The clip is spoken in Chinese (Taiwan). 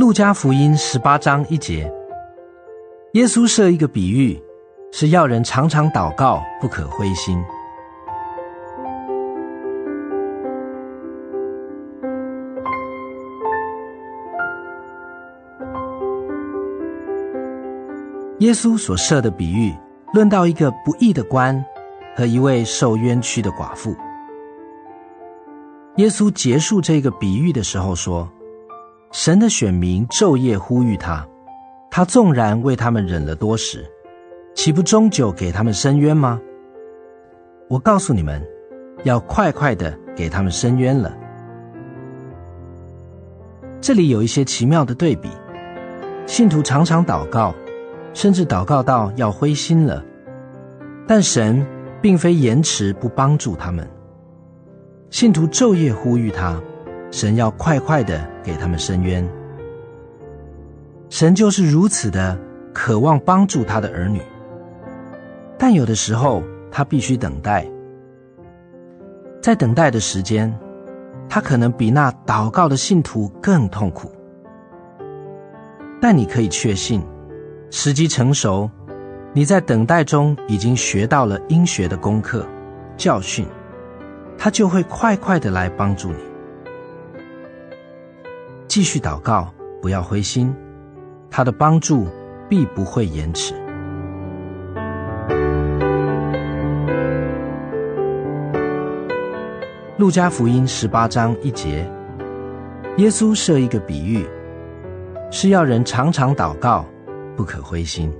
路加福音十八章一節，耶穌設一個比喻，是要人常常禱告，不可灰心。耶穌所設的比喻，論到一個不義的官和一位受冤屈的寡婦。耶穌結束這個比喻的時候說。神的選民晝夜呼籲他，他縱然為他們忍了多時，豈不終究給他們伸冤嗎？我告訴你們，要快快的給他們伸冤了。這裡有一些奇妙的對比：信徒常常禱告，甚至禱告到要灰心了，但神並非延遲不幫助他們。信徒晝夜呼籲他。神要快快的給他們伸冤，神就是如此的渴望幫助他的兒女，但有的時候他必須等待，在等待的時間，他可能比那禱告的信徒更痛苦，但你可以確信，時機成熟，你在等待中已經學到了應學的功課、教訓，他就會快快的來幫助你。繼續禱告，不要灰心，他的幫助必不會延遲。路加福音十八章一節，耶穌設一個比喻，是要人常常禱告，不可灰心。